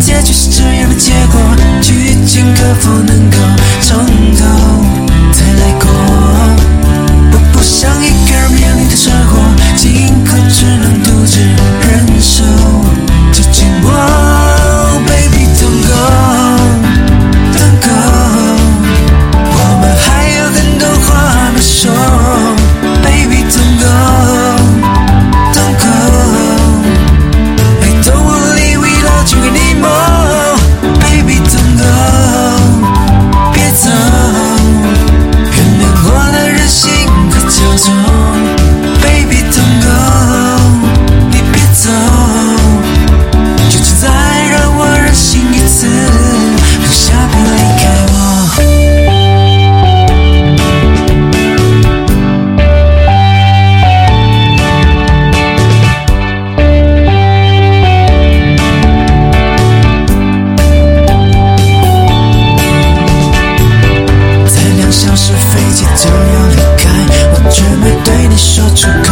結局是這樣的結果，劇情可否能夠重就要離開，我卻沒對你說出口。